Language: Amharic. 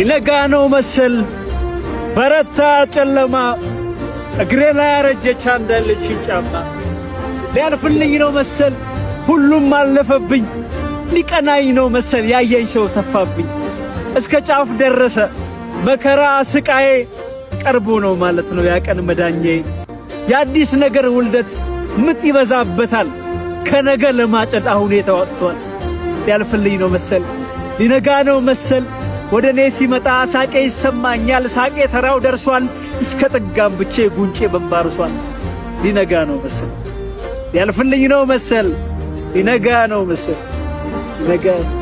ይነጋ ነው መሰል በረታ ጨለማ እግሬ ላይ ያረጀች አንዳለችን ጫማ ሊያልፍልኝ ነው መሰል ሁሉም አለፈብኝ ሊቀናኝ ነው መሰል ያየኝ ሰው ተፋብኝ እስከ ጫፍ ደረሰ መከራ ስቃዬ ቀርቦ ነው ማለት ነው ያቀን መዳኛዬ የአዲስ ነገር ውልደት ምጥ ይበዛበታል ከነገ ለማጨድ አሁኔ ተዋጥቷል ሊያልፍልኝ ነው መሰል ሊነጋ ነው መሰል ወደ እኔ ሲመጣ ሳቄ ይሰማኛል። ሳቄ ተራው ደርሷል። እስከ ጥጋም ብቼ ጉንጬ በንባርሷል። ሊነጋ ነው መሰል፣ ሊያልፍልኝ ነው መሰል፣ ሊነጋ ነው መሰል፣ ሊነጋ